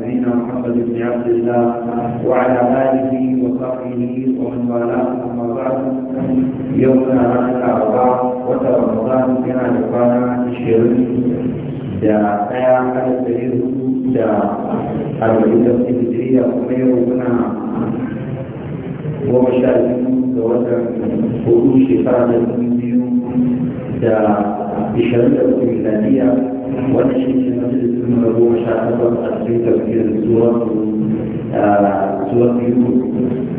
نبينا محمد بن عبد الله وعلى آله وصحبه ومن والاه أما بعد يومنا هذا الأربعاء وترمضان كان لقانا الشيرين دا حياه على السرير دا أربعين تفسير هجرية ومير هنا ومشاهدين دوتا خروج شفاء المؤمنين دا ishirin da uku miladiya wanda shi ne majalisun na goma sha takwas a cikin tafiyar suratu suratu yusuf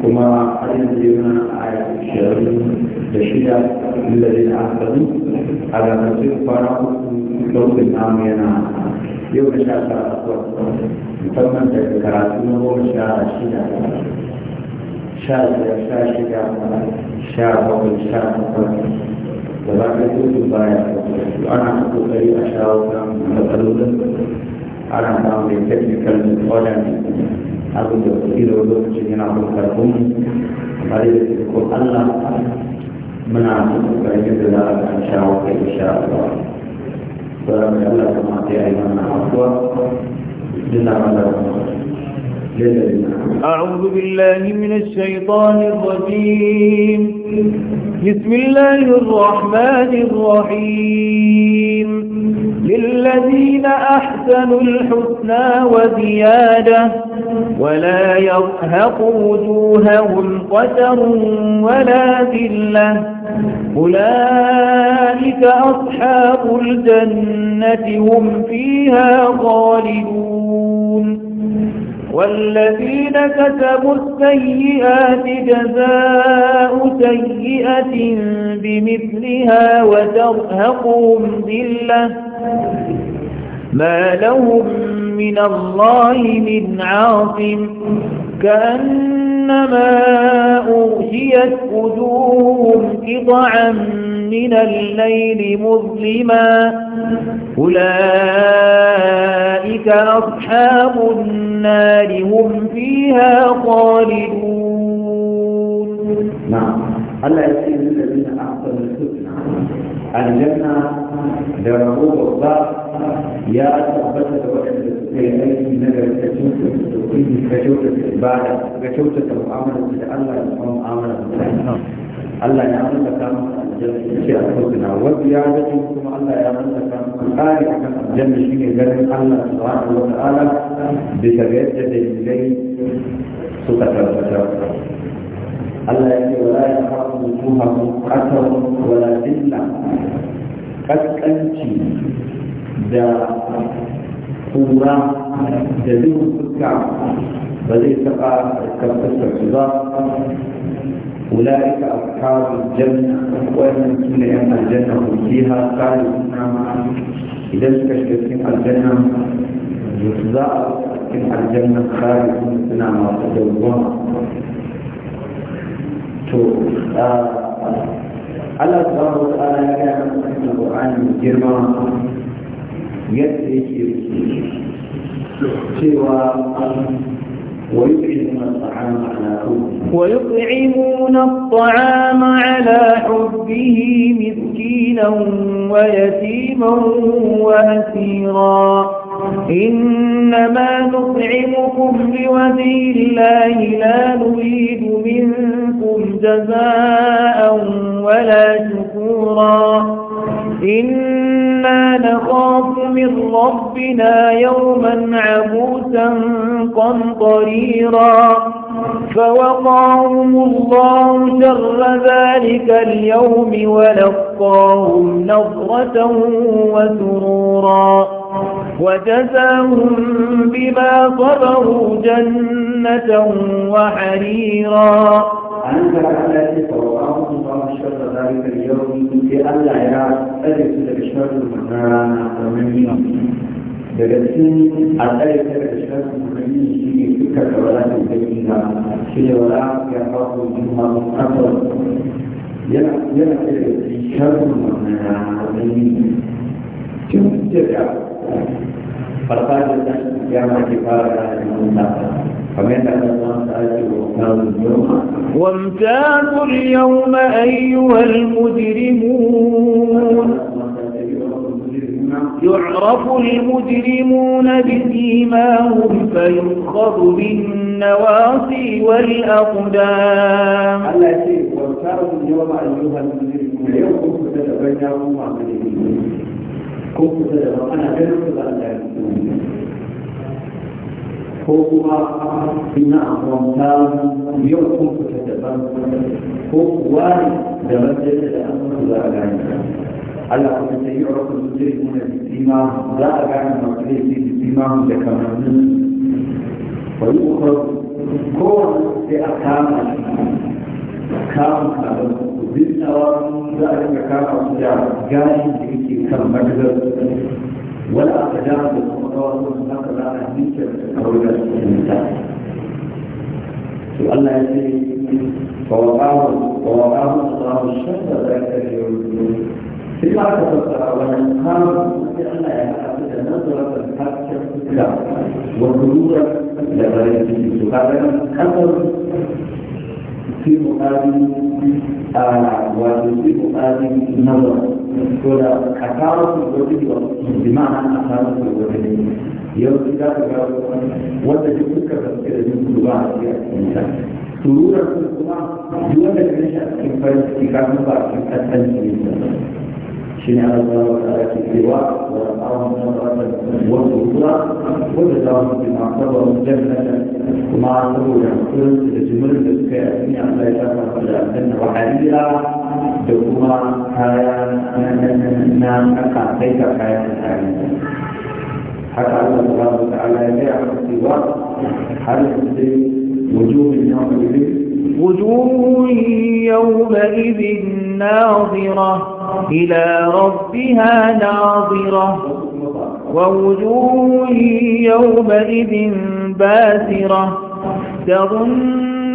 kuma hanyar jirna a ishirin da shida milladin asali a ranakun kwana uku lokacin namu yana yau da sha takwas musamman da karatu sha sha sha da ba ta kusa baya ana kokari a shawo kan matsalolin ana samun mai technical order abin da kuɗi da wani lokacin yana kuma karfin kamar yadda ko Allah muna kokarin da za a shawo kai insha Allah sauran da Allah kuma sai yi mana afuwa duk na mana أعوذ بالله من الشيطان الرجيم بسم الله الرحمن الرحيم للذين أحسنوا الحسنى وزيادة ولا يرهق وجوههم قتر ولا ذلة أولئك أصحاب الجنة هم فيها خالدون والذين كتبوا السيئات جزاء سيئة بمثلها وترهقهم ذلة ما لهم من الله من عاصم كأنما أغشيت وجوههم قطعا من الليل مظلما أولئك أصحاب النار هم فيها خالدون نعم الله يسير الذين أحسن الحسنى الجنة دربوا الضعف يا ثبت وعند سيئين بعد كشوتة العبادة كشوتة المعاملة لله ومعاملة الله يعمل لك في أنفسنا والزيادة ثم الله يعلمك خارج عن الجنة شيء غير الله سبحانه وتعالى بتجدد إليه ستتبتر الله يقول ولا يحرم وجوههم أثر ولا ذلة kaskanci da kura da zuwa fuska ba zai taɓa karfasar su ba أولئك أصحاب الجنة وإن كل أن الجنة فيها قال نعم إذا كشفت الجنة جزاء إن الجنة خالد نعم الله تو على آه، الله أن كان القرآن الكريم يدري يدرك سوى ويطعمون الطعام على حبه مسكينا ويتيما وأسيرا إنما نطعمكم لوجه الله لا نريد منكم جزاء ولا شكورا نخاف من ربنا يوما عبوسا قمطريرا فوقاهم الله شر ذلك اليوم ولقاهم نظرة وسرورا وجزاهم بما صبروا جنة وحريرا أنت التي فوقاهم الله شر ذلك اليوم الا يرى tsare su daga sharrin na ramanni daga cikin a tsare su daga sharrin ramanni shi ne suka kawara da gani na shi ne wala ya faɗo juma kafar yana yana na ramanni tun daga farfajin da ya ma ke fara da shi وامتازوا اليوم أيها المجرمون يعرف المجرمون بسيماهم فينخذ بالنواصي والأقدام وامتازوا اليوم أيها المجرمون يوم تتبنى أمام كنت تتبنى أنا بنفسك أن ko kuma ina amfanta yau kun fita daban ko kuwa ne da majalisa da an mutu za a gane Allah kuma ta yi rasu su jiri muna bisima za a gane masu laifi bisima da kamannin wani ukar kowane sai a kama kama kalan binnawa za a dinga kama su da gani da yake kan madadar wani a da الله يجزي فوقاه فوقاه الله الشر ذلك اليوم في بعض الفترة والأنهار بأن يعتقد نظرة الحق إلى وخلودا لغيره هذا أمر في مقابل وفي مقابل نظرة ولا أثارة الوجد بمعنى أثارة الوجد يوم كتاب وجد فكرة فكرة من كل واحد في الإنسان سرورا في القرآن يولد نشأ في فرد كتاب مبارك التنسي شنو هذا الله تعالى في السواء والأرض نظرة والأخرى وجزاهم بما صبروا جنة وما صبروا يحصل لجمل الأسكان من أهل الجنة وحريرا ดูว่าใครนั้นนั้นการใช้กับใครนั้น حتى ان الله تعالى لا يعرف هل في وجوه يومئذ وجوه يومئذ ناظرة إلى ربها ناظرة ووجوه يومئذ باسرة تظن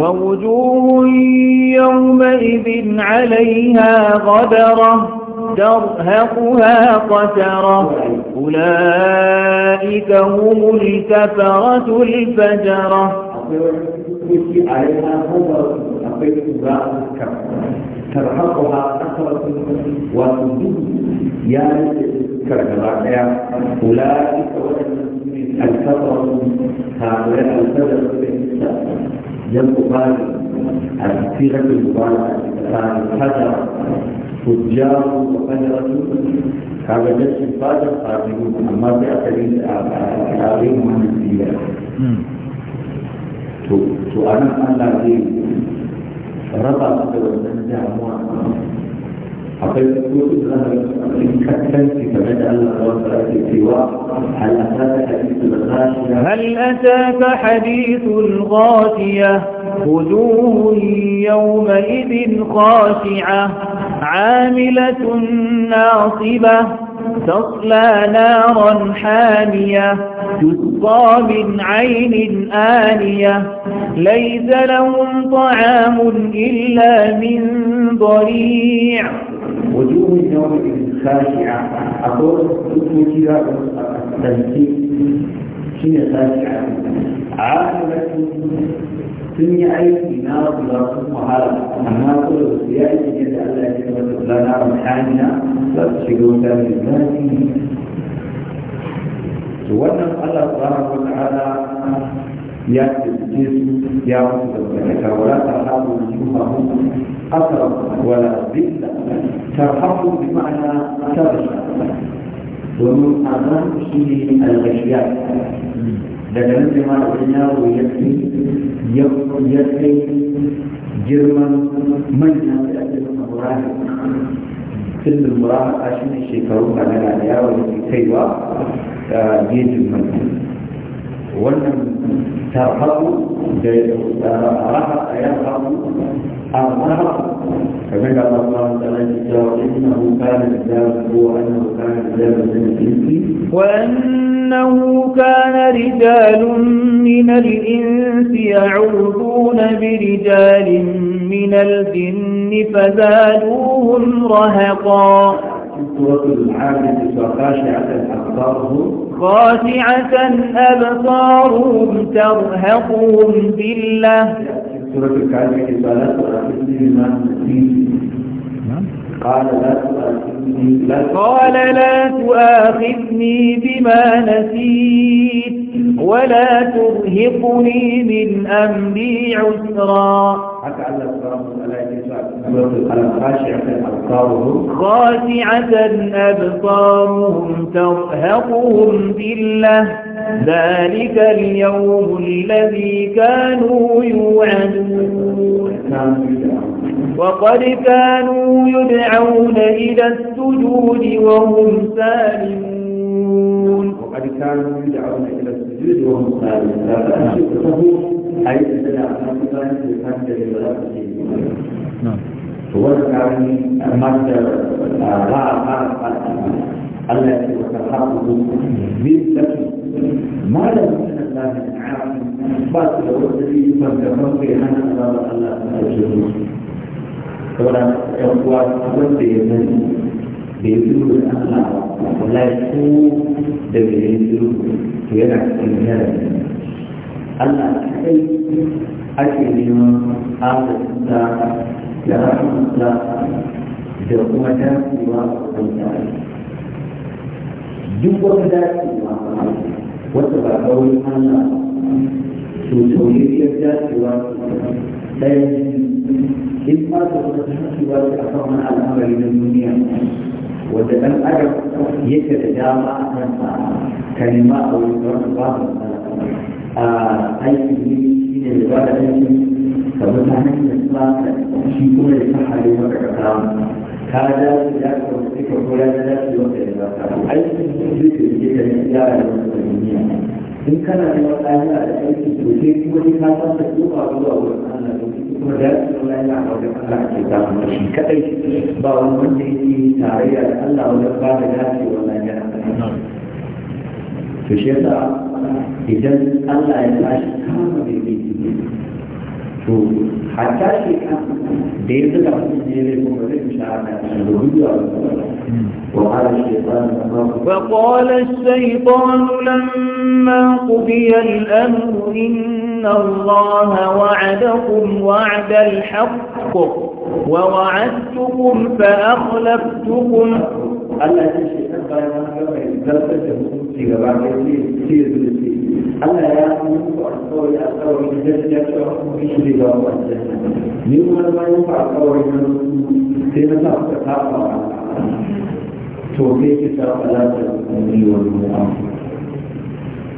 ووجوه يومئذ عليها غبرة ترهقها قترة أولئك هم الكفرة الفجرة ترهقها كثرة وتدوم يعني أولئك الكفرة هؤلاء الفجر ينقبان الصيغة المباركة الحجر فجار وفجرة هذا جسم الفاجر خارجون أما في أكلين الأعلام عن السيئة سؤالا أن لا ربط دولة الدعوة هل أتاك حديث الغاشية خذوه يومئذ خاشعة عاملة ناصبة تصلى نارا حامية تسقى من عين آنية ليس لهم طعام إلا من ضريع وجوه النوم خاشعة أقول اسم كذا التنسيق شنو خاشعة عاملة sun yi aiki na kula sun wahala amma kuma da su yi aiki yadda Allah ya ce wata kula na ruhaniya za su shiga wuta mai zafi to wannan Allah subhanahu wa ta'ala ya tsaye su ya wasu da baraka wala ta haɗu da jumahu asara wala zilla ta haɗu bi ma'ana ta rasha domin azan shi ne alghashiya daga nan sai ma da yaro ya kai ya kai girman manya da ake nuna murahi sirrin muraha shi ne shekaru balaga da yaro da ke kaiwa da gejin manya wannan tarhabu da raha a yarhabu a raha kamar da Allah ta tsara ki cewa innahu kana da jaru ko annahu kana da jaru da jinsi wa أنه كان رجال من الإنس يعوذون برجال من الجن فزادوهم رهقا خاشعة أبصارهم ترهقهم بالله سورة الكعبة قال لا تؤاخذني بما نسيت ولا ترهقني من أمري عسرا حتى الله سبحانه وتعالى خاشعة أبصارهم ترهقهم ذلة ذلك اليوم الذي كانوا يوعدون وقد كانوا يدعون إلى السجود وهم سالمون وقد كانوا يدعون إلى السجود وهم سالمون a yi da tana a kan da kan da ba za su ce to wani kawai da ba a fara fara Allah ya ce wa karhaku bin lafi ma da mutane da ba su da wani dalili ban da ban Allah ta ce musu saboda yan uwa wanda ya sani da ya zuru da Allah wallahi ko da bai zuru to yana cikin yara Allah kai ake neman agarinsa da rahama da kuma dacewa a wajen tare. Duk wata dacewa wata ba kawai Allah to ne tauriyar dacewa ɗaya in ma da wata dacewa ta akan wani al'amari na duniya wanda ɗan adam yake da dama a kansa kalima a wani ba babu aiki shi ne da ba da aiki ka mutanen da suka shi kuma da ta hali maka ka samu ka da su ya ka wani suka ko ya da su wata da za ka aiki shi ne da ke da ya da duniya in kana da wata yana da aiki to sai kuma sai ka san da duba zuwa wurin Allah to kuma da su Allah yana da wani Allah ke samu shi kadai ba wani wanda yake tarayya da Allah wajen ba da dacewa na yana to shi yasa idan Allah ya tashi kama da mai to وقال الشيطان لما قضي الأمر إن الله وعدكم وعد الحق ووعدتكم فأخلفتكم الذي Allah ya muku alƙawari alƙawari da gaskiya cewa kuma shi zai ba mu aljanna ni kuma na bayan ku alƙawari na sai na sa ku ta ba to sai ki ta fara da ni wani mu'am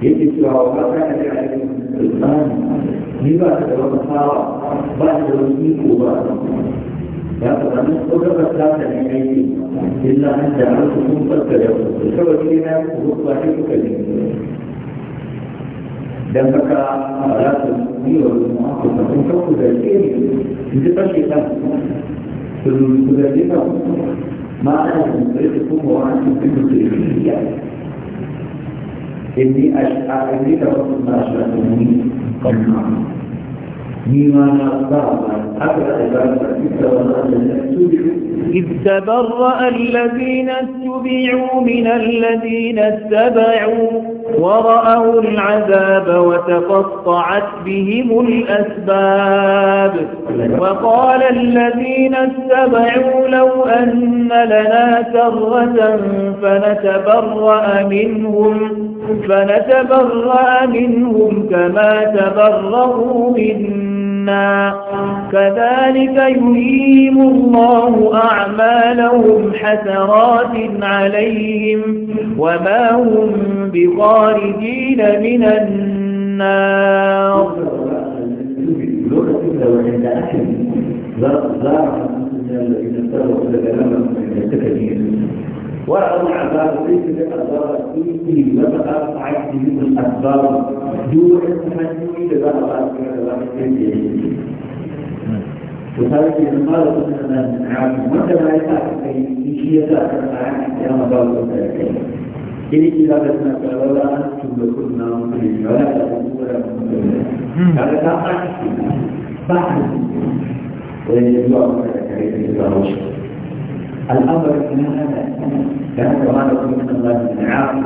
yake cewa wa ka ka da alƙawari ni ba ta da wani sawa ba ta da wani iko ba ya faɗa mun ɗaukar ta ta ne aiki illa an da an su kun farka da ku kawai ne na ku ba ta kuka ne dan haka za su yi wa mu'afu da sun kawo da ke ne in ji fashe kan su su da ke kan ma ana sun sai su kuma wa su fi su ke iya inni ash'a inni da wasu na ash'a ni kan ni ma na ba ba haka da ba ba duk da wannan da su biyu إذ تبرأ الذين اتبعوا من الذين اتبعوا ورأوا العذاب وتقطعت بهم الأسباب وقال الذين اتبعوا لو أن لنا كرة فنتبرأ منهم, فنتبرأ منهم كما تبرأوا منا كذلك يهيم الله أعمالهم حسرات عليهم وما هم بخارجين من النار لا لا إذا استوى كلامه ورأوا العذاب ليس بالأسباب فيه لما أصعد من الأسباب دون التحدي لبعض وذلك من قال سبحانه من عام وكما يتعرف في شيء يتعرف عن كما قال سبحانه إن إذا بدنا فلولا أنتم لكنا مسلمين ولا تكون ولا مسلمين هذا كان عكس بحث ويجب الله على كريم الله الأمر من هذا كان وهذا من الله من عام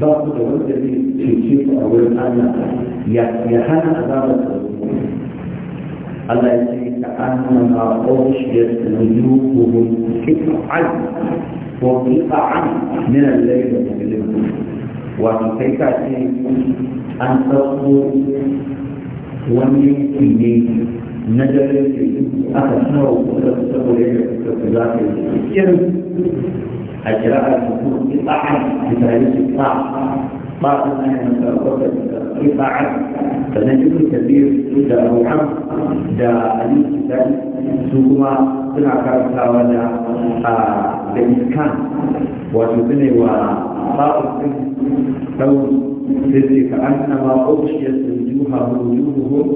ضغط الوزن في الشيخ أو الآن يهانا أدارة الله يسير كأنما أغشيت وجوههم قطعا وقطعا من الليل وفي وكيف أن تصبر ونيتي نجلس aka sawa kusa saboda yadda kuka ku za ka yi cikin a kira'ar mutum ki tsakan ki tare ki tsakan بعض الناس كيف عد فنجم كبير دا أبو حمد دا علي كتاب سوكما سنع كارتا ودا بإسكان وتبني وطاقة لون سري كأنما أغشيت وجوههم وجوههم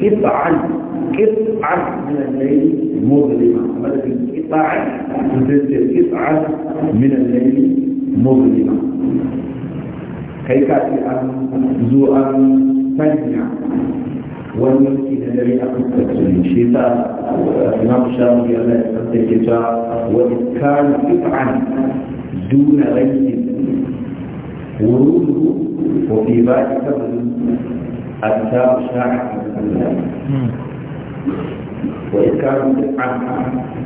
قطعا قطعا من الليل مظلمة قطعا قطعا من الليل مظلمة kai ka ce an zo an sanya wani yanki na dare a kusurci shi ta na shafi yana da kanta ke ta wani kan if'an duna ranki wurudu ko fi ba ki kabin a ta sha'a وإن كانوا قطعا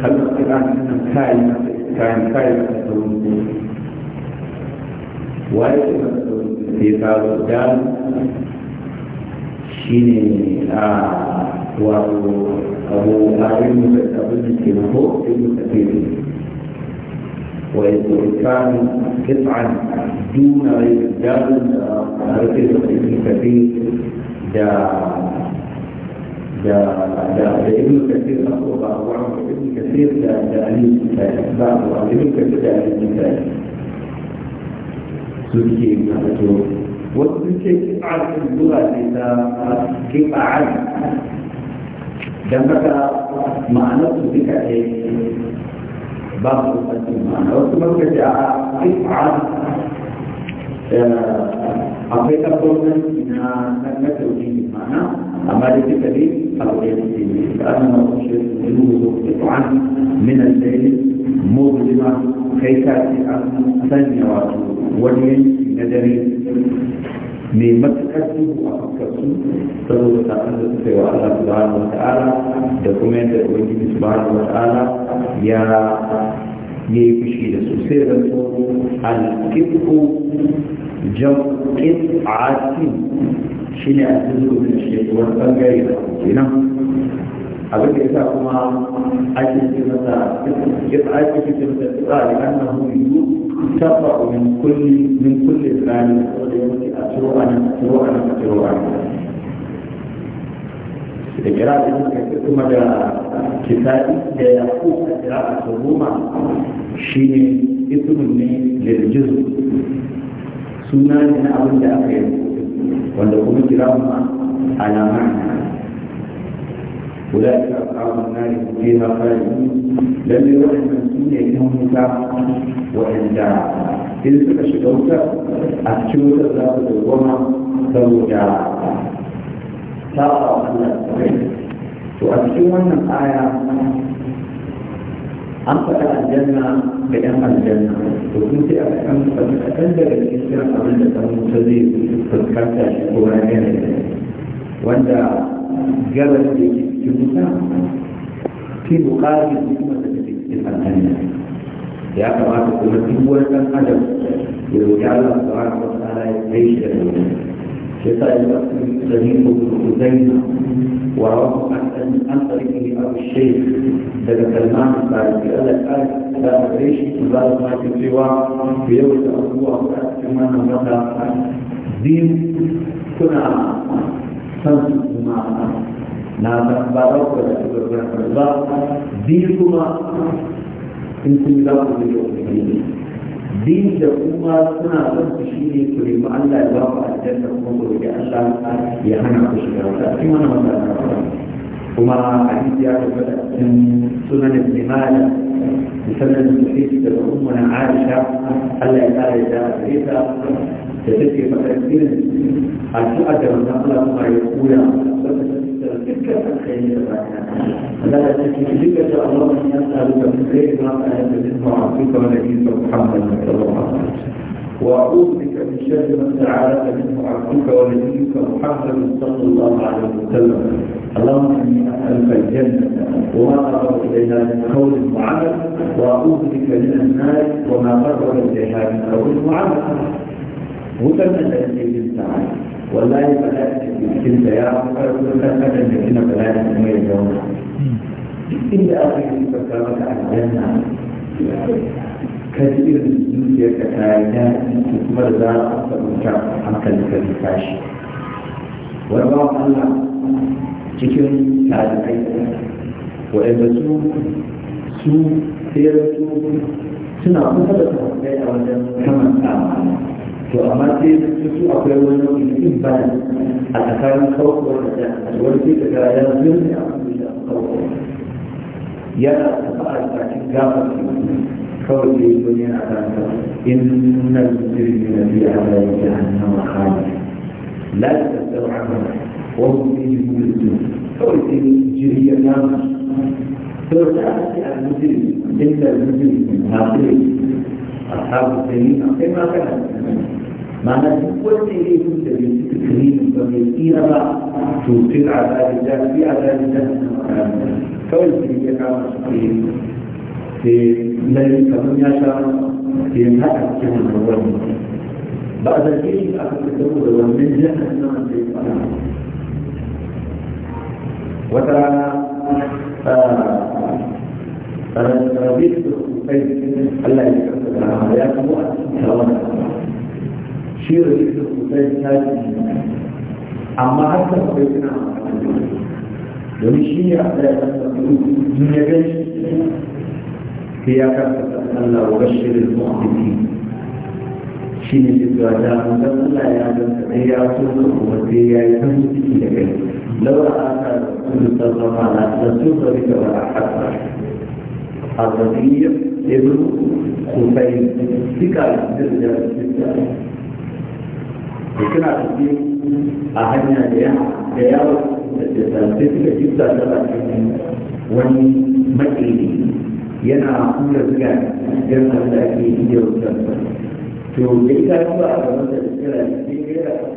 كانوا قطعا كان كائنا كان كائنا wani da faru da shi ne a wato abu abin da abin da ke mako in da ke وإذكار قطعا دون رجال ركز ابن كثير دا دا دا ابن كثير أخوه أبو عمر ابن كثير دا دا أبي بعض ابن كثير suke zato wasu ce ƙi'atun zuwa ce ta ƙi'a'an don haka ma'anar su duka ɗaya ba su sanci ma'ana wasu mafi ce a ƙi'a'an akwai tabbatar na na tauhidi ma'ana amma da duka ne a wajen su ne da ana mafi shi ƙi'a'an min al-layl muzlima kai ka ce an sanya wato wani yanki na dare ne matuƙar duhu a fuskarsu saboda sa'an da suka yi wa Allah subhanahu wa ta'ala da kuma yadda ubangiji subhanahu wa ta'ala ya ya yi fushi da su sai da su alkitku a cikin shi ne a cikin wani ɓangare da kenan abin da yasa kuma ake ce masa ya ake ce masa tsira da annahu yutafa min kulli min kulli tsari saboda yawanci a ciro a nan a ciro a nan a ciro a da kira da yin kai kuma da kitabi da ya ku a kira a tsoroma, shi ne ismun ne lirjiz suna ne na abin da aka yi wanda kuma kira kuma alama أولئك أصحاب النار فيها خالدين لم يروح من سنة يكون مساق وإنجاع إذا كنت شكوت أكتوت الزاق الغمى فوجاع صار أولا وأكتوت من الآية أنت الجنة بأم الجنة وكنت أفهم فتأتند الإسلام قبل أن تنصدي فتكتش قرآنين وأنت قبل الإسلام cikin wuta da kuma da cikin aljanna ya kamata kuma duk wani dan adam ya roƙi Allah subhanahu wa ta'ala ya kai shi da wuta shi sa ya fasu sani ko kuzaina wa rawu an an an tariki a shaykh daga kalman tsari Allah ya da gare shi za su ma ki cewa yau da abubuwa ta cikin wannan wata biyu kuna san su kuma na san ba za ku da shi ba biyu kuma in kun za ku yi ubangiji din da kuma suna son ku shi ne ku nemi Allah ya ba ku aljanna kuma ku roƙi Allah ya hana ku shiga wata cikin wannan wannan kuma hadisi ya tabbata cikin sunan ibn Majah musamman da take daga ummuna Aisha Allah ya kare da gare ta da take fadar irin addu'a da manzon Allah kuma ya koya السيدة لا تكفيك الله أن يسألك بخير ما عبدك ونبيك محمد صلى الله عليه وسلم وأعوذ بك من شر ما استعاذك منه عبدك ونبيك محمد صلى الله عليه وسلم اللهم إني أسألك الجنة وما قرب إليها من قول وعمل وأعوذ بك من النار وما قرب إليها من قول وعمل هدى من الذي تعالى wallahi ba za ta cikin da ya farko kan da kina ba za ta kuma ya inda aka yi ba ka maka aljanna ka ji irin zuciyar ka ta yi daɗi kuma da za a sabuta hankali ka ji tashi wani ba Allah cikin talibai waɗanda su su su suna kusa da talibai a wajen kamar tsamani to amma sai su akwai wani nau'in a tsakanin kawai da wani sai daga ya zuwa ne a ya taɓa a kawai da yana in na jirgin biya a bayan kawai ta a kawai sai jirgin da aka ce a inda na في كل شيء كنت بالتكريم فبالكيرة بقى توصل على الرجال في على الرجال فول في يقع في ليل كمان يشعر في مهاجة كمان الأول بعد ذلك أخذ الدور ومن جهة وترى ربيت الله يكفر يا مؤسس shi da kusan tashi amma har da kawai suna domin shi ya a tsaye kan sabbi ya shi ya kasa Allah wa bashirin mu'minin shi ne shi zuwa da mutan Allah ya ganta ya so ka kuma sai ya yi kan ciki da kai laura aka kullu sallama na rasul bari da a hatta azabiyya ibn kufayn sika da da da suna tafi a hanya da ya da yawo da sai suka jibta da bakin wani makili yana hura zuga irin abin da ake yi to da ita ba a gaban da tsira da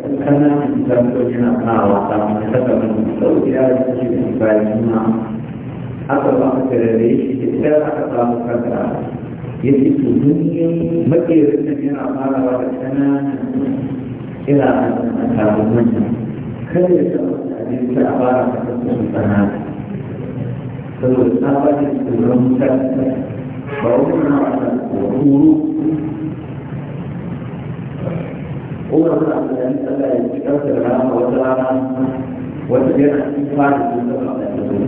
Kana kananan tsarkon yana kawo samun saka mai da ya rikici da bayan suna aka ba ka tarare shi da ita aka samu ya ce to duniya. makerin yana farawa da ƙananan إلى أن أتاه المنزل كيف أجدك أبارك السلطنات فالوسابة المسلسة فأمنا على الوحور أولا أن الأسئلة يتكسر لها وتراها وتجد أن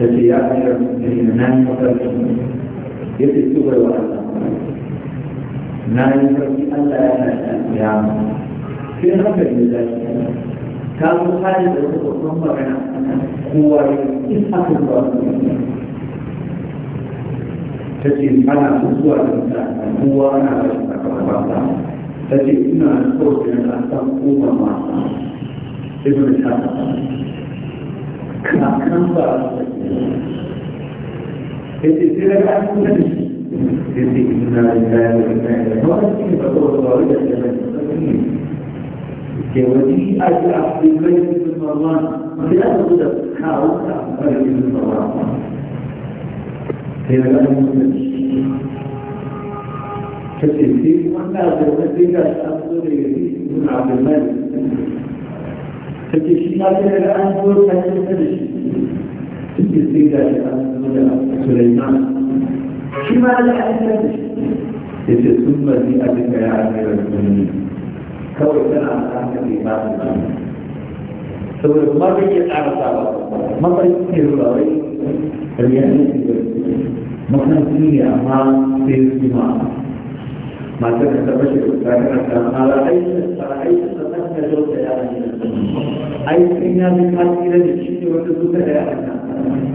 تجيئات المسلمين نعم وترسل يتكسر وأنا نعم أن لا يتكسر sai haka ne da shi ka zo hali da wata babban magana kowa ya in aka zuwa ta ce ana so zuwa da kowa ana da shi sakamaka ta ce ina so da na san koma ma ibn shafa kakan ba ta ce sai da ka kuma da shi sai ce ina da ya yi da ya yi da ya yi da ya yi da ya yi وجيء عبد الملك بن مروان وخلاف الغدر حاول عبد الملك بن مروان هي لا يمكن فالتفسير والناظر والذي لا تأخذ يزيد بن عبد الملك فالتشيئات الآن هو الحديث التفسير الآن سليمان كما لا يحدث ثم جاء بك يا أمير المؤمنين kawai tana amfani da imani saboda kuma zai iya tsara sawa mafarki ne ruwa wai riya ne mafarki ne amma sai su ma masu da ta bashi da tsarin ta ta jauta ne aikin ya bi fasira da shi ne wata zuka da ya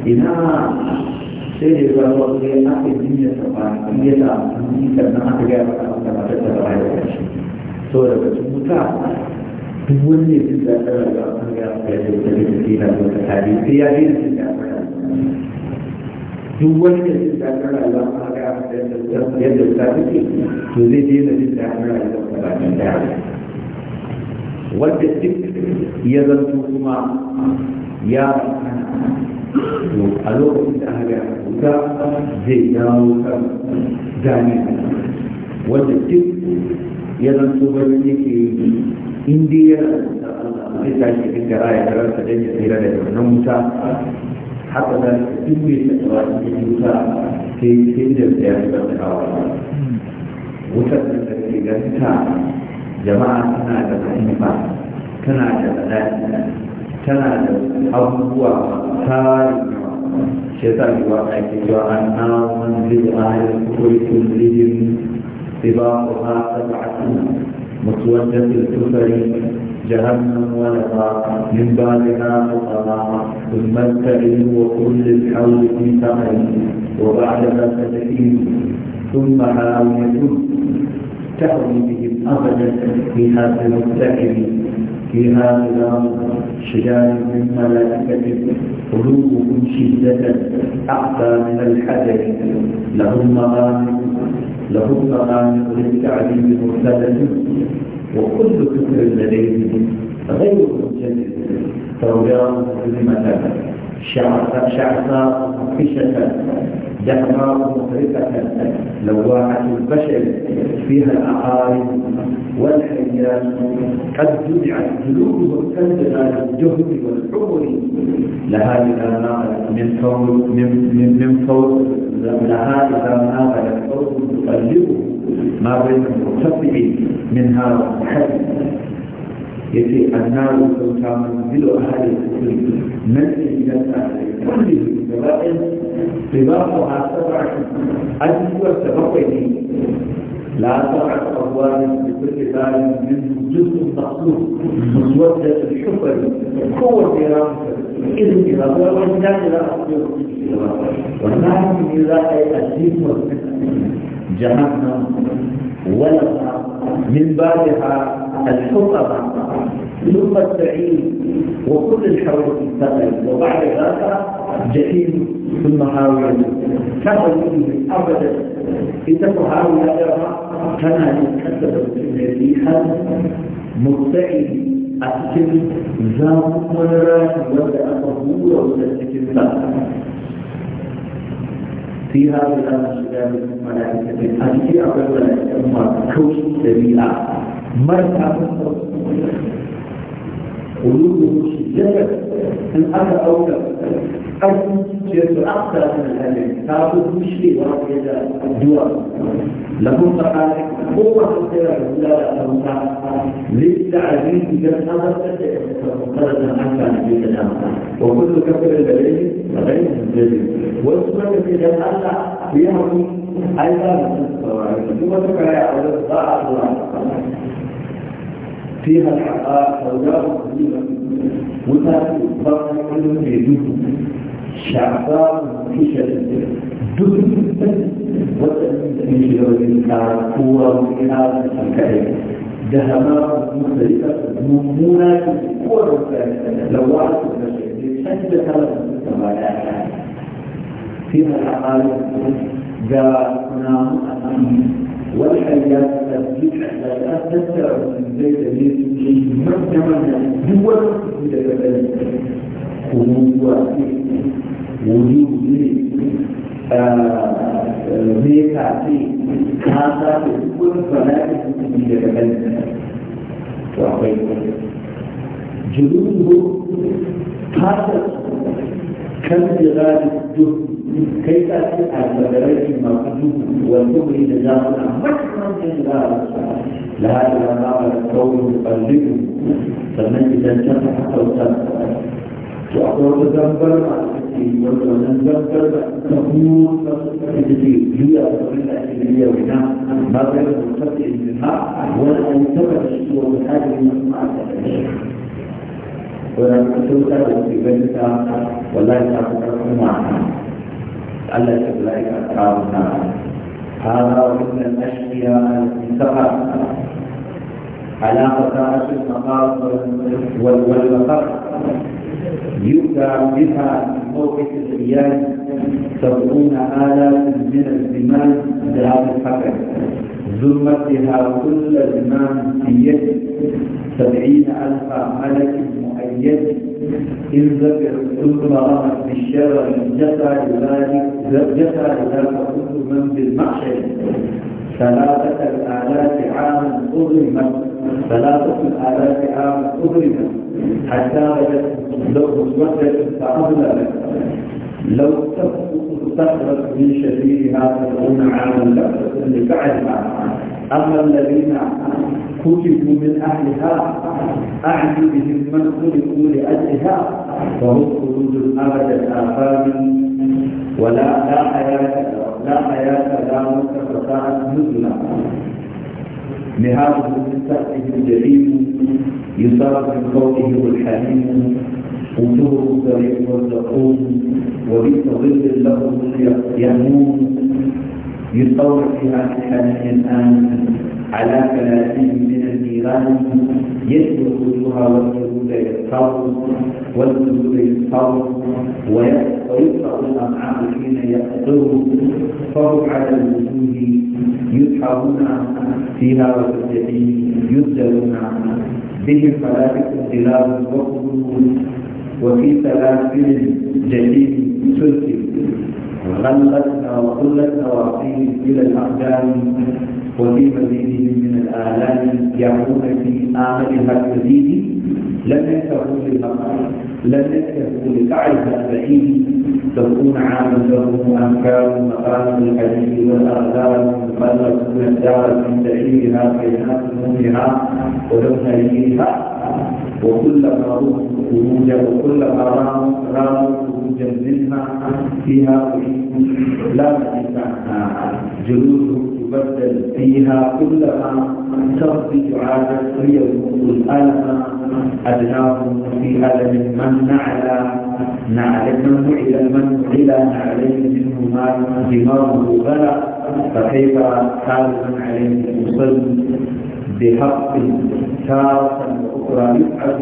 ina sai da ruwa wasu ya na ke ta ba ta sannan aka gaya ba ta ba ta ta ba ta saboda batun wuta duk wani ne jin daɗin rayuwa kan ya ya ji wuta ne da ke na zuwa sai ya ji da daɗin rayuwa duk wanda ya jin daɗin rayuwa kan ya yadda wuta take to zai daina jin daɗin rayuwa kan ba ta daya wanda duk ya zanto kuma ya a lokacin da aka wuta zai dawo kan gani wanda duk ya zan so bari ke indiya zai tashi cikin gara ya karanta dan ya tsira da wannan wuta haka da duk mai tattawa cikin wuta sai sai da ya tsira da kawo wutar da ta ke ganta jama'a tana da mahimma tana da bala'i tana da abubuwa tarin shi ya sa wa ake zuwa an na manzil zai ahalin kurkun سباقها سبعة مسودة الكفر جهنم ولها من بعدها أخرى ثم التئن وكل الحول في ثمر وبعدها ستكين ثم هاوية تهوي بهم أبدا فيها في هذا الأمر شجار من ملائكة قلوبهم شدة أعفى من الحجر لهم مغامر له مقام للتعليم المرتبط وكل فكر لديهم غير مجدد فهو يرى بمثابه شعثاء فشة دمار مفرقة لواحة البشر فيها الأعارض والحيات قد جمعت تنزل على الجهد والحمر لها إذا من فوق من من من فوق لها إذا ناقلت فوق تقلبه ما بين المرتفع منها والحد يجي النار سوف منزل أهل الكفر منزل إلى كل الكبائر رباطها سبعة أجل وسبقه لا سبعة أبواب لكل بال من جزء مخصوص مسودة الحفر قوة إيران إذن إذا لا أصبح ونحن إذا جهنم من بعدها الحطب ثم السعيد وكل الحوادث الثقل وبعد ذلك جحيم ثم هاوية كما يمكن أبدا إذا هاوية يرى كما يتكسب الريحة مبتعد أسكن زامرة ولا أطهور ولا أسكن في هذا الأمر الملائكة أشياء الملائكة كوش سريعة مرتبة قلوبهم شجرة أن أتى أولى قد جئت اكثر من الأمن تأخذ مشكلة واحدة الدول لكم فقالك هو الخير لا تنفع للتعزيز إذا هذا مفترض أن أكثر في الكلام وكل كفر البلد غير الجديد والسنة في الأمن فيها أيضا ثم ذكر يا عبد الله فيها الحقائق أوجاء قليلة وتأتي فرق كل يدود شعبان كشل دود وتأتي شعبان كاركورة وكاركورة وكاركورة دهمات مختلفة مضمونات قوة لوعات المشاهدين شدت على المجتمع فيها الحقائق da na amfani wani hanyar da su da ta tattara su zai da ne su ke yi manya manya duk wani su da ga gani ko zuwa ke wuri wuri ne ka ce ka za ka duk wani fara'i su ke yi da ga gani to akwai jirgin ko ta da kan jirage كيف تفعل بدرجة المقدوم والكبر جزاؤنا مكرا جزاء لهذا الأمر الكون يقلبه فمن إذا انتفع أو تنفع تعطوه ذنبا وتنزل تكون كثير هي الطريقه الشرعيه وهنا ما بين المتقي بالماء ولا يعتبر الشيء ومحارب المسموعات ولكن تلك تكتبتها والله تكتبتها ألا تبلغ أصحاب النار هذا وإن الأشقياء انتهى على قطاعة المقام والمقر يؤتى بها من موقف الريال سبعون آلاف من الزمان ذهاب الحكم ظلمتها كل زمان في يد سبعين ألف ملك المؤيد إذ ذكر ثم رمت بالشرع جفى لذلك جفى لذلك كل من بالمحشر ثلاثة الآلاف عاما أظلمت ثلاثة الآلاف عاما أظلمت حتى وجدت له مسودة فأظلمت لو تبقى استخرج من شبيهها تدعون عاما لفظة لبعدها أما الذين كتبوا من أهلها أعني بهم من خلقوا لأجلها وهم خلود أبد الآفاق ولا لا حياة لا حياة لا موت فساءت نزلا لهذا من سأله الجليل يصاب من قوله الحليم وجوههم فريق يرزقون وبئس ظل لهم يهمون يصور في هذه الحالة الان على ثلاثين من النيران يسلو وجوها والجلود يسقط والجلود يسقط ويسقط الامعاء حين يقطر فهم على الوجوه يسحبون فيها وتستحيل يسجلون بهم فلا تكن ظلال وقلوب وفي سلاسل جديد سلسل غلت وقلت نواقيه الى الاقدام وفي مزيد من الالام يعود في اخرها الجديد لم يكتفوا للمقام لم يكتفوا لتعرف البعيد تكون عاما لهم انكار مقام الحديث والاغلال بل من الدار من تعييرها كينات نومها ولون ريحها وكل روحوا خروجا وكل رام رام خروجا منها فيها لا مجيس عنها جلودهم تبدل فيها ما ترضي عادة ويذوق الألم أدناهم في ألم من نعلى نعلم إلى من إلى نعلم منه ما دماغه غلا فكيف حال من عليه المصلي بحق تارة أخرى يفعل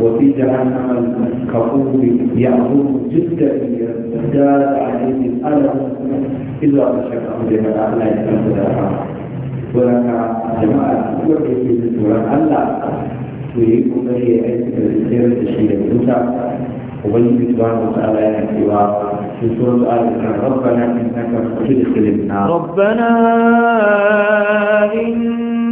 وفي جهنم الكفور يعظم جدا يزداد عليه الألم إلا بشكل بما لا يتمدها ولك جماعة وكيف يزدون لا ويكون لي أيضا السيرة الشيء الموسى وبين سبحانه وتعالى يعني في سورة آل عمران ربنا إنك تدخل النار ربنا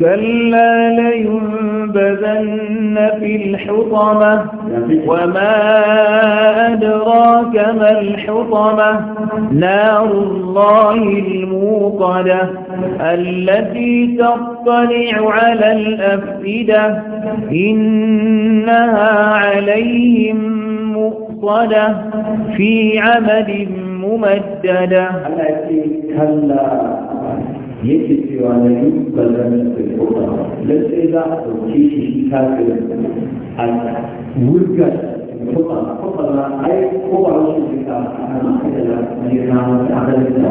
كلا لينبذن في الحطمة وما أدراك ما الحطمة نار الله الموقدة التي تطلع على الأفئدة إنها عليهم مؤصدة في عمد ممددة كلا yake cewa na yi bazan da kuma lalle za a ɗauke shi kafin a wurga kuma kuma na ai ko ba shi da ka ana kada da ne na wani da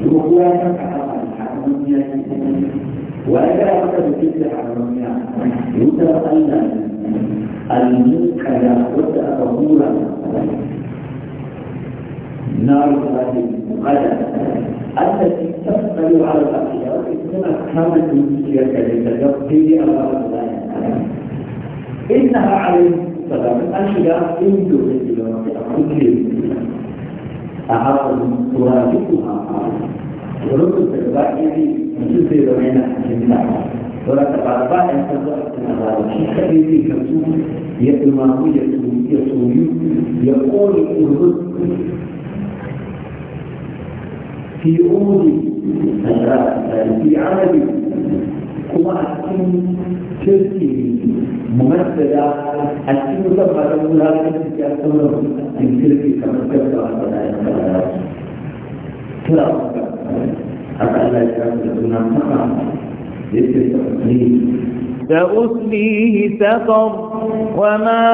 kuma ko ya ka ka haramun ya ke wa ya ga maka da ke da haramun ya wuta Allah al-munkara wanda aka hura na rubuta ne kada Allah تقبل على الأخيار كما كانت نفسيك لتلقي الله إنها عليه السلام أشياء إن تغسل وتأخذ أحاول ترافقها ورد التقبع يعني نسوسي رمينا جميعا ولا تقربا أن تضعت نظارة شخصي في كمسوس يتماهو يسوي يقول الرد في أمري في عملي كما أكون شركي ممثلة أكون سبعة أولاد شركي أكون من شركي كما تبدأ على كلا أفضل أفعل الله يشعر بسنا مقام يسر تقنين سأسليه سقر وما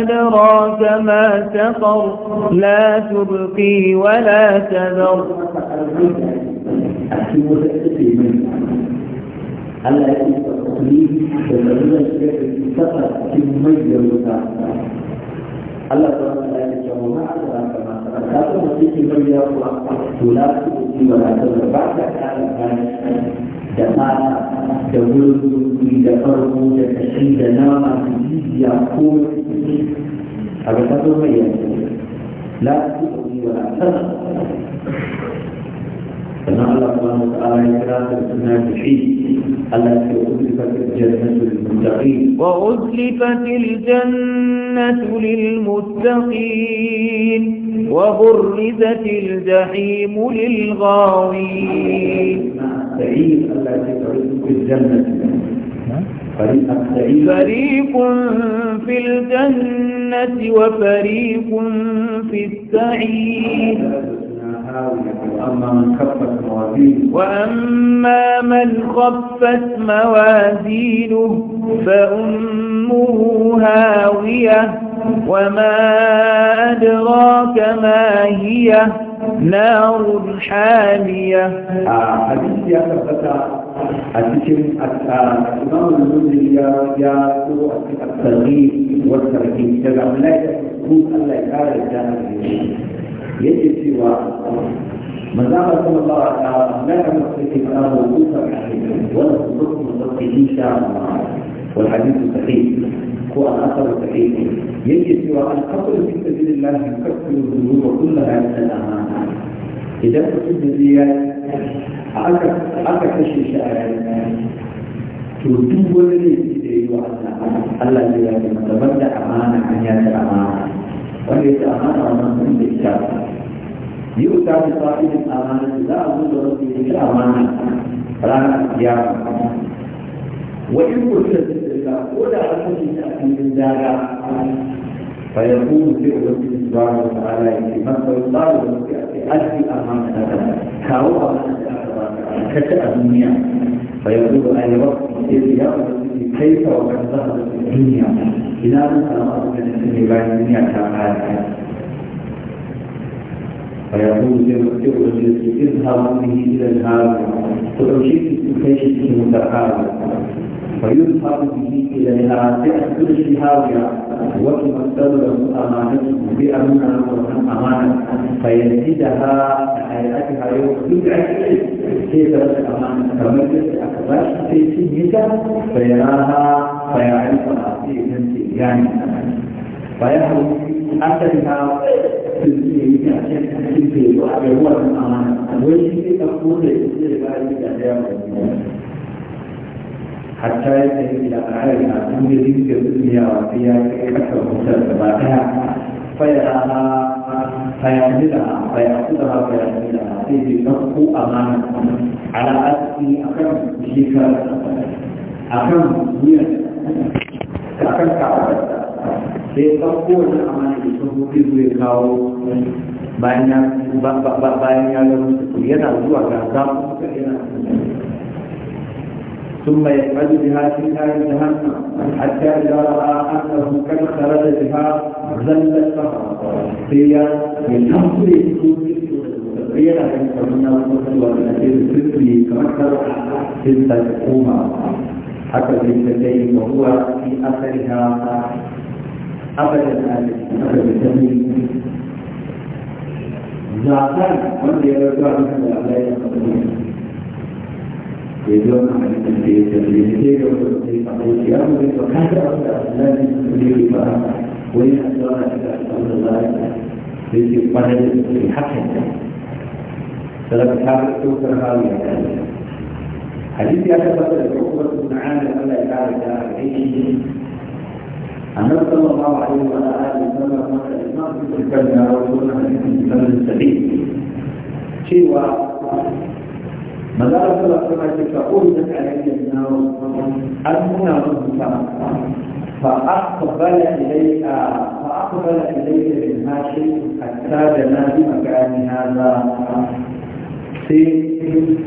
أدراك ما سقر لا تبقي ولا تذر هل أتيت أصليه سأسليه سقر في مميز الله تعالى الله تعالى da fata da gurgurguri da farko da kashi da nama da jijiya ko a ga tazo mai yanzu la su ɗauki wa كما قال الله تعالى وتعالى يكرم الناجحين التي أزلفت الجنة للمتقين وأزلفت الجنة للمتقين وبرزت الجحيم للغاوين سعيد التي تعز الجنة فريق في الجنة وفريق في السعيد وأما من خفت موازينه فأمه هاوية وما أدراك ما هي نار حامية آه، حديث يا الذكر الإمام المنزل يا يا الترغيب تبع ملائكة الله يكارك جانب يجب yake cewa دام رسول الله تعالى لا تمسك فلا موقوفا عليه ولا تمسك مصدقه شاء الله والحديث صحيح هو الاثر صحيح يجب سوى القتل في سبيل الله يكفر الذنوب كلها من الامانه اذا كنت زياد aka kashe shi a ranar to duk wani ne da yi wa Allah Allah ya yi wanda yake amana wannan sun da ita yi wuta da fa'idin amana za a zo da wasu da ita amana ranar ya wajen kurkura da shirka ko da an kashe ta a cikin daga فيقوم في ربه سبحانه وتعالى يتمم ويطالب بألف أمام الأدب كاو أمام الأدب كتأ الدنيا فيقول أي وقت إذ يأخذ ce kai ka wakar kansa da duniya ina zan samu abin da take bayan duniya ta kare فيقول زي ما تقول اذهبوا به الى الهارون فتوشيك في كيش المتحارب فيذهب به إليها كل هاوية وتمثل له أمانته بأمانة أمانة فيزيدها حياتها يوم يدعى كيف الأمانة فمجلس أكبر في سنك فيراها فيعرفها في نفسه يعني فيحرم أثرها في الفيل وهو الأمانة ويجب أن تكون لإسرائيل في ذلك hatta ya kai ila ayyuka a tun da jirgin duniya wasu ya kai kasar mutar da ba daya faya ana faya nila da kuda ha faya sai dai na ku a kan asiri akan shekara akan wuyan akan kawar sai ɗan kowane amana da sun hudu zai kawo bayan ya bayan ya yana zuwa ga zaɓuɓɓuka yana ثم يفعل بها في نار جهنم حتى اذا راى انه قد خرج بها ذلت هي من امر هي لكن كنا في تمكن تلك الحكومه حتى بالنسبتين وهو في اثرها ابدا ابدا زعتر من يرجع من الله يجوز عليك في تدريسك وفي تقويتك وفي حتى أسلام في فرح وإن أسلامك أسلام الله في قدر في حقك فلم تحاول توفر هذه حديث هذا بدل عقبة بن عامر ألا يعرف عليه النبي صلى الله عليه وعلى آله وسلم قال الإمام في الكلمة رسولنا من السبيل شيء ما لا رسول الله كما تلك أردت علي النار أننا ربك فأقبل إليك فأقبل إليك منها شيء حتى دنا بمكان هذا sai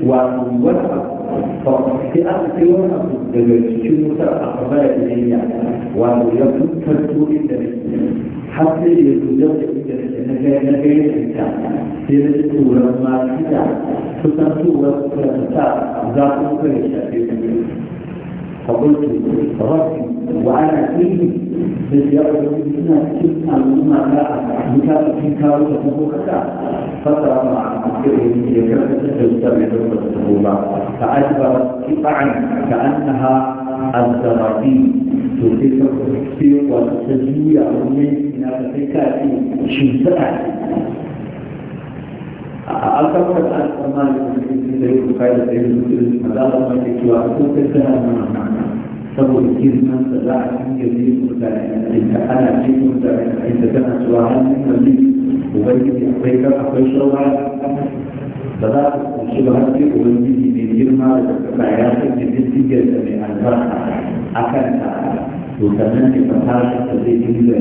wato wani abu sai aka sai wani abu daga cikin wutar a kamar da ya wato ya fitar turin da har sai ya zujar da negeri kita. Dia itu orang kita. Sultan itu orang kita. Zatu kerja kita. فقلت ربي وانا فيه بالزياره المدينه كنت المما لا مكان في كارو تكون فترى مع مكرهم يكره تستمع الله فادبرت قطعا كانها الزراطيل to sai ka sai wata ta juya wani ina ka sai ka ce shi a alkamar da an tsammani da cikin da yau kai da sai da mutum da za a mai cewa ko ta tana mana saboda girman da za a cikin da yau mutane da ana cikin mutane da tana cewa hannun mutum ubangiji akwai kan akwai shawara ba za a kunshi ba har sai ubangiji girma da suka ya suke diddigar da mai albarka a kanta to sannan ne fasahar da zai dinga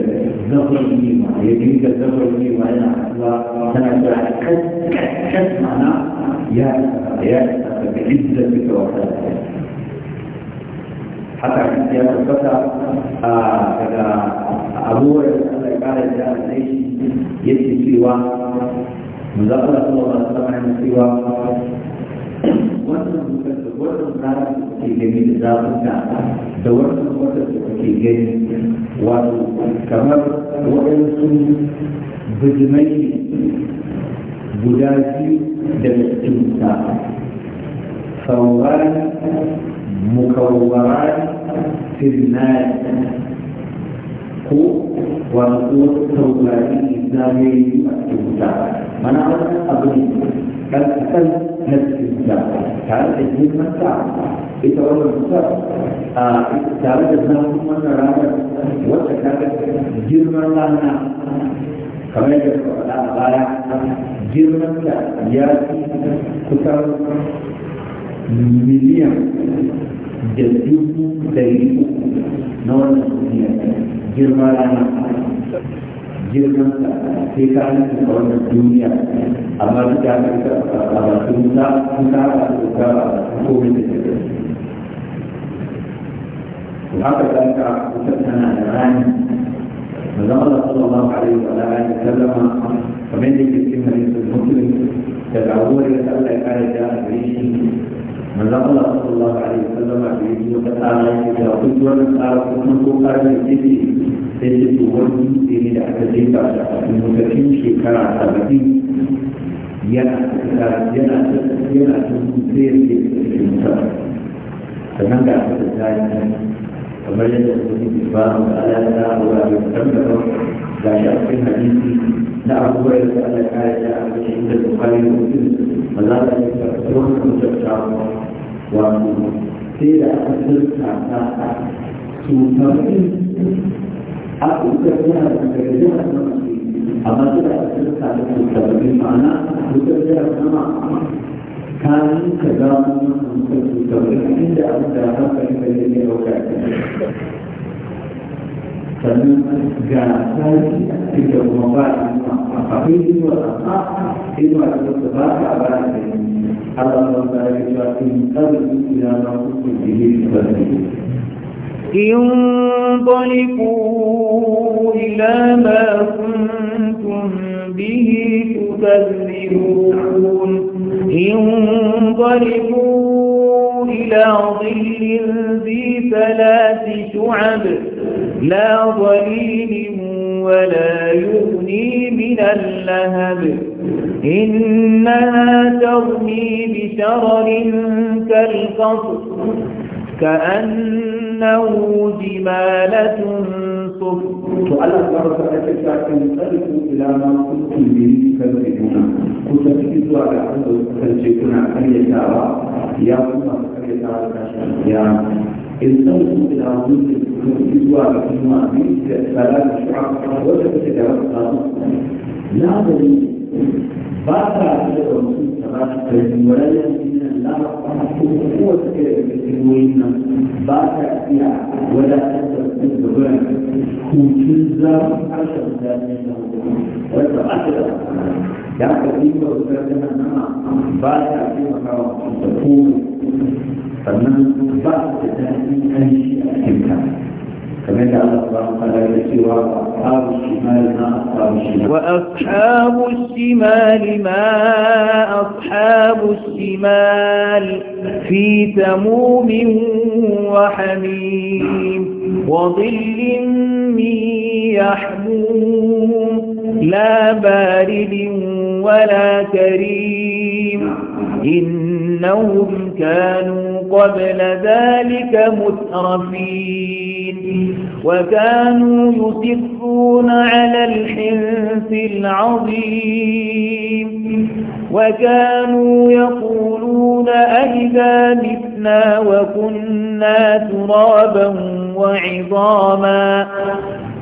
zafar nima ya dinga zafar nima yana haɗuwa tana da kakkakas mana ya ya daga idda suka wata haka ya tabbata daga abubuwan da Allah ya kara da a yake cewa manzo Allah sallallahu alaihi wasallam yana cewa wannan mutar da wannan tsarin da kuke gani da zafin da da wannan mutar da kuke gani wato kamar waɗansu bijimai guda biyu da cikin sa sauran mukawwaran firnari ko wani ko taurari zagaye a cikin sa mana wannan abu ne الأقل نفس الساعة تعالى تجميل من ساعة إذا أول مساعة تعالى تجميل من رانا وتكالك جرما لنا kamar yadda suka faɗa a baya girman da ya fi kusan miliyan da dubu ɗari na girman sai ka hanci a wannan duniya amma duk da haka a bakin na kuka ba su ka ba da ke to haka dan ka kuka tana da rani manzon Allah sallallahu alaihi wa alihi sallama kamar da yake cikin hadisin muslim daga da Allah ya kare da a gare shi manzon Allah sallallahu alaihi wa A da yake wata tsara yake da kuma tsara kuma ko kare da yake sai ce wani ne da aka jefa da a lokacin shekara saba'in yana yana yana tuntun sai ya da cutar sannan ga aka ta yi kamar yadda wani ba da ala ta abuwa da tantaron ga shi a cikin hadisi na abubuwa da ala ta yi da aka ce da da mutum ba za ta yi karfafon cutar ta wato sai da aka tsirka ta ta. Aku bekerja dengan kerja sama seperti ini. Apa tidak terasa dengan kerja mana? Bekerja sama. Kami sedang untuk kita tidak ada apa yang terjadi dengan kerja. Dan gagal tidak mengubah apa pun itu apa itu adalah sebab abad ini. Allah memberi kita tinggal di dalam kubur ini. انطلقوا إلى ما كنتم به تكذبون انطلقوا إلى ظل ذي ثلاث شعب لا ظليل ولا يغني من اللهب إنها ترمي بشرر كالقصر كأنه جمالة صف وعلى أكبر فأتشاك انطلقوا إلى ما كنتم به تكذبون كنت تكذبوا على يا أمة يا انطلقوا إلى ما تكذبوا على أنه تكذبون عن يتارى وتكذبوا على لا دليل باقى أشياء ومسيح تبارك ولا يمكن لا رفعه قوة كثيرين باقى أشياء ولا تستطيع الدولة كوتشزا عشر ذلك وتبعشر يا كثير وسلم أنما باقى أشياء تكون فمن باقى تتعلم أي شيء أكثر وأصحاب الشمال ما أصحاب الشمال وأصحاب الشمال ما أصحاب الشمال في سموم وحميم وظل من يحموم لا بارد ولا كريم إنهم كانوا قبل ذلك مترفين وكانوا يصرون على الحنث العظيم وكانوا يقولون أئذا متنا وكنا ترابا وعظاما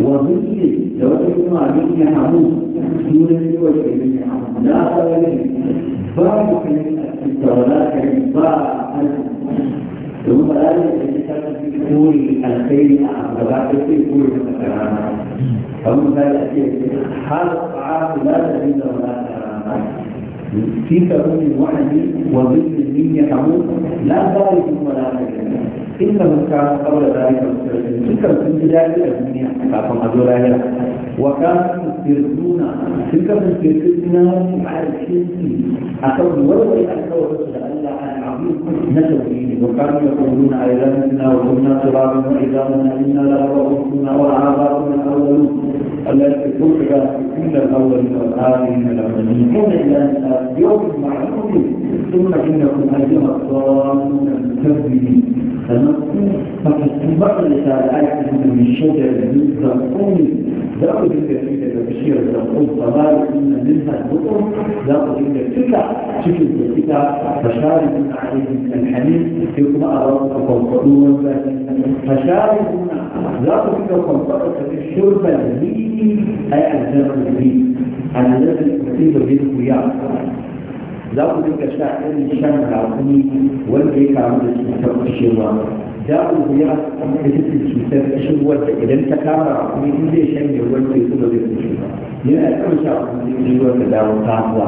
ومثل لو تكون عليك حمود دون الوجه لا قبل فارق انت ولا كريم باع ثم لا يتجسد في طول الخير وبعد في طول الكرامات فمن ذلك لا تزيد ولا كرامات في كرم وعد وظل من يحمود لا بارد ولا كريم إن من كان قبل ذلك مسترسلين تلك الابتداء الدنيا كافهم أزول آخرة وكانوا يسترسلون تلك المسترسلين على الشمس أقول ولو أنه رسول الله العظيم نسوين وكانوا يقولون أيضانا وكنا ترابا وإذانا إنا لأرواحنا وآباؤنا الأولون التي في كل الأولين والآخرين الأولين كان إلى يوم معلوم ثم إنكم أيها الضالون المكذبين المذكور فقد بعض لتعالى من الشجر من زرقوم ذاك ذكر فيك تبشير زرقوم فبارك إن منها الزقوم ذاك ذكر فيك شكل ذكر فشارب عليهم الحليب يقوم أراضك فوقعون فشارب ذاك ذكر فوقعك الشرب الذي أي الزرق الذي الذي أصيب به الخيار za ku dinga sha irin shan rakuni wanda ya kamu da cutar kushewa za ku yi da cikin cutar kishirwar da idan ta kama rakuni in zai shanye ruwan da kuma zai kushe ba yana kan sha kuma zai ruwan da dawo kafuwa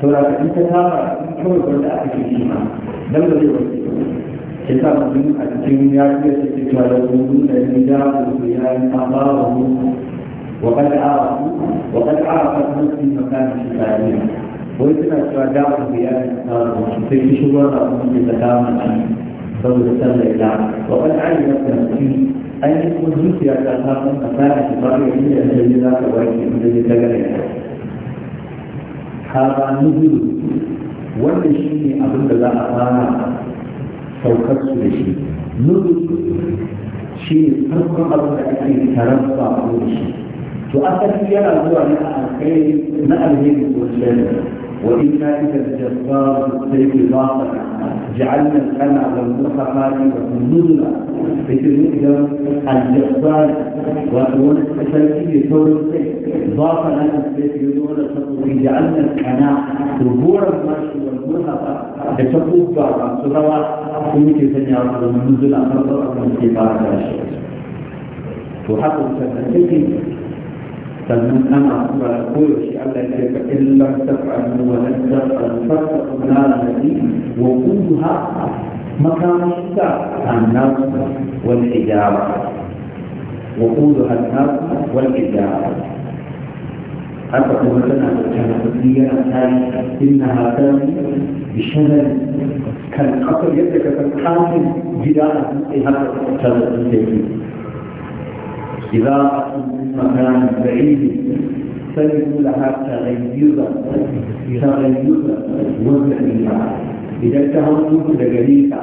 saboda in ta kama kawai wanda aka ke shi ma dan ba zai wasu ke sa mutum a cikin ya fiye da cikin malamu da ni da ku ya tabawa وقد عرفوا وقد عرفت نفسي مكان الشفاعية wai suna cewa damar da ya yi ah, tsaro sai shi shi ruwa na kuma da damar a saboda sallar ila wa wani ayi na kansu an yi kuma zuciya ta samun a tsara shi ba ga inda ya yi za ka wani inda ya daga da ya haɓa nuhuru wannan shi ne abin da za a fara saukar su da shi nuhuru shi ne farkon abin da ake tarar ba da shi to asali yana zuwa ne a alkhairi na alheri وإن كانت الجبار سيف باطلا جعلنا القمع والمرخفات والنزلة في المقدر الجبار وأول التسلسل ثور السيف باطلا السيف يدور الخطوة جعلنا القناع ظهور المرش والمرخفة تشبه بعض الصلوات ومثل سنة والنزلة فرضا من كبار الأشياء وحق التسلسل sannan ana ba koyaushe Allah ya ce in lam taf'alu wa lam taf'alu fattaqu nar allati wa quduha makamasha an-nas wal hijara wa quduha an-nas wal hijara حتى قولتنا كمسؤولية إنها تأتي بشلل كالقطر يدك كالقاتل جدارا في هذا التنزيل إذا مكان بعيد سلموا لها تغيرا تغيرا وزعيرا إذا اتهمتم لجريكا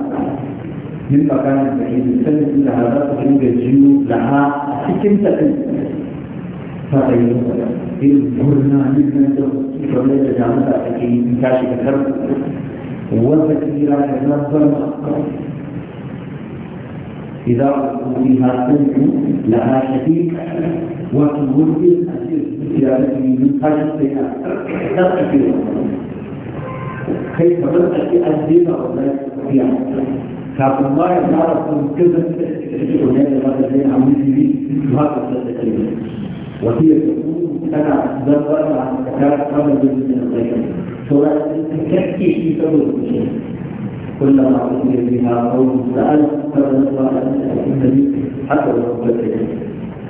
من مكان بعيد سلموا لها ذات غيوب الجيوب لها حكم تقل تغيرا البرنا من فليس جامعة أكيد من كاشف الحرب وزكيرا يتنظر إذا فيها سمع لها شفيق وتمد الأسير في من خلفها تقفل كيف بدأت الدين ولا تستطيع فقال ما يعرفون كذا هناك غدا زي عمود لي وهي تقول انا دبرت عن التكالب قبل من الغيب فلا في سبب كلما ما أتي بها قوم سأل فلن أن النبي حتى لو بدأ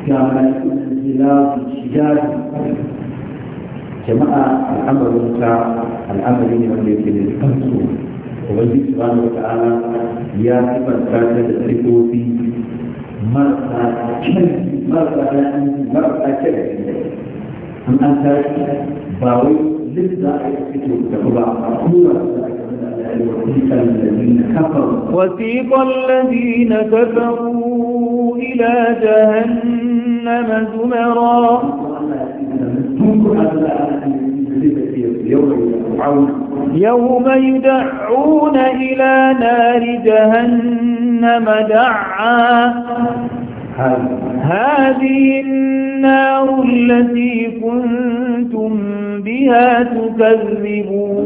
كما الخلاف جمع الأمر بتاع الأمر اللي في الأنصور سبحانه وتعالى يا من كان تدركه في مرأة مرأة مرأة كذا أم أنت باوي لسه أكتب تقول أقول وثيق الذين كفروا إلى جهنم زمرا يوم يدعون إلى نار جهنم دعا هذه النار التي كنتم بها تكذبون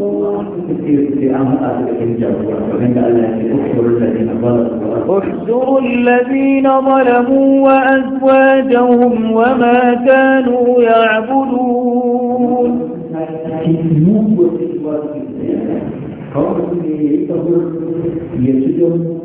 احذروا الذين ظلموا وأزواجهم وما كانوا يعبدون Kamu ini itu dia sudah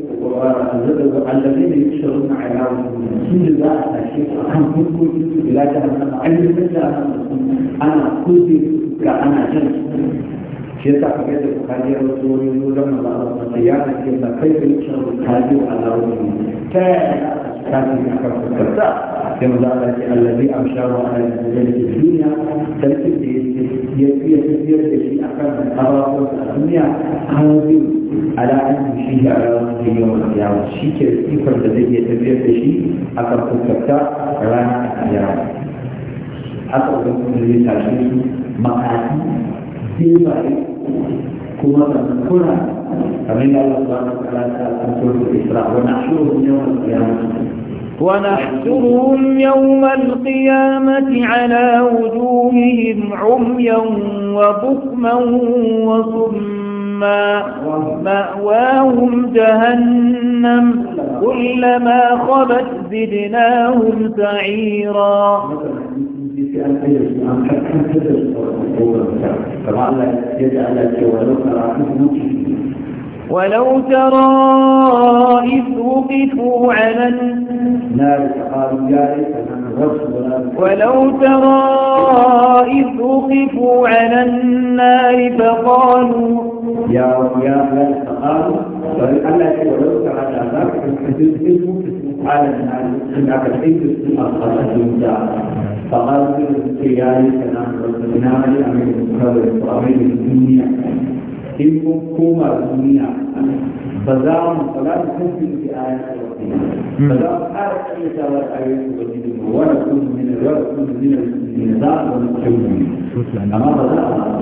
الذين يشتغلون على عالمهم من جزاء الشيخ أنا كنت كنت بلا جهنم أنا كنت كأنا جنس shi yasa kamar da bukari ya rasu wani zuwa maza'ar wanda ya na ce na kai da yake bukari a lauyi ta yaya kafin a kan fuskarta sai mu zaɓa ce allazi a shawo a yanzu da duniya sarkin da ya fiye tafiyar da shi a kan ababen a duniya hanzin ala an yi shi a ranar da yau da yawa shi ke ikon da zai iya tafiyar da shi a kan fuskarta rana a yawa haka wajen kuma zai tashi su ma'aji ونحشرهم يوم القيامة على وجوههم عميا وبكما وصما مأواهم جهنم كلما خبت زدناهم سعيرا ولو ترى إذ وقفوا على النار ولو ترى إذ وقفوا على النار فقالوا يا يا فقالوا طيب، ولو ترى على النار على أنك تجلس في مرحلة الإبداع فقال في ذلك نعم لأمير المكرر وأمير الدنيا إن كنتم الدنيا فزعم فلا تكذب في آيات فزعم حالك أن يتوارى آيات وجدهم ونكون من الرب من المسلمين ونكون من أما فزعم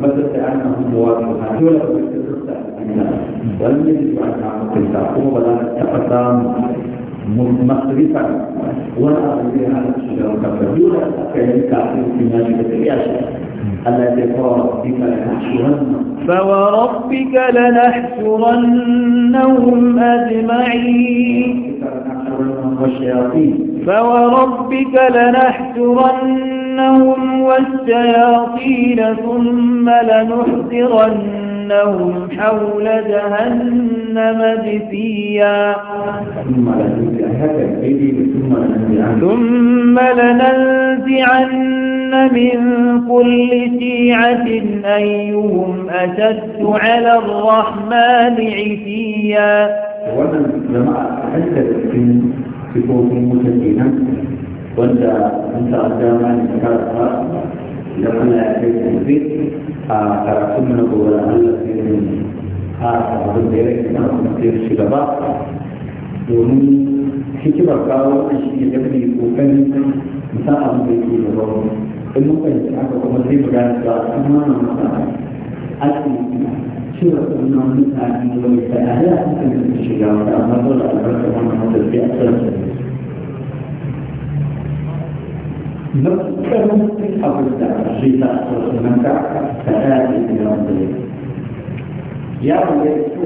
tabbatar da ana hannuwa da ta dole ku tabbatar da kuma ba za ta taɓa samu مصرفا ولا أرضي على الشجرة فدون كذلك أعطيه في ماجدة الياسر التي فربك لنحشرنهم فوربك لنحشرنهم أجمعين فوربك لنحشرنهم والشياطين ثم لنحضرنهم حول جهنم جثيا ثم لنحضرنهم ثم لننزعن من كل شيعة أيهم أشد على الرحمن عتيا وأنا جماعة حتى في في المسجدين وأنت أنت أدامنا لما لا تجد karatun na gobe da Allah sai ne a abin da hikimar kawo wannan shi ne yadda ke kokarin musa abin da yake da rawa in muka yi haka kuma sai mu gane cewa an nuna masa alƙi cewa sun nuna mutane da wani sana'a da aka kan da shiga wata amma dole albarka wannan wanda sai a tsarsa na ƙarfin abin da zai sa a tsarsa nan ka ta ɗaya da ya wanda ya yi. Yawon da ya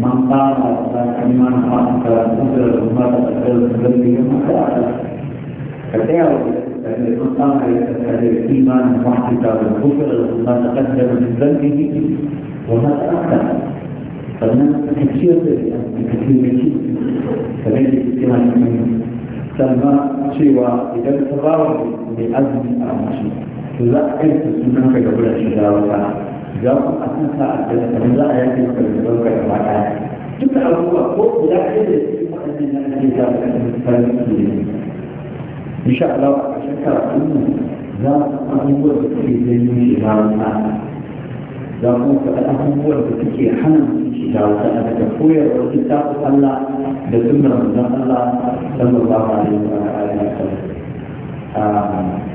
maka akan dimanfaatkan untuk membuat agar berlebih kemahiran. Ketel dan pertama ayat ada iman wahid dalam bukan dalam makan dan minuman ini bukan apa karena kecil dari yang kecil ini karena di sisi lain sama siwa tidak terlalu di azmi amci tidak itu sunnah kepada syarikat za ku a kan sa a kan kamar za a yaki maka da ɗaukar gaba ɗaya duka abubuwa ko guda ɗaya da su waɗannan na ake sa a kan farin ciki ne insha Allah a ƙarshen karatu za a san abubuwan da suke janyo shiga wuta za mu faɗa abubuwan da suke hana shiga wuta a daga koyarwar littafin Allah da sunnar manzon Allah sallallahu alaihi wa sallam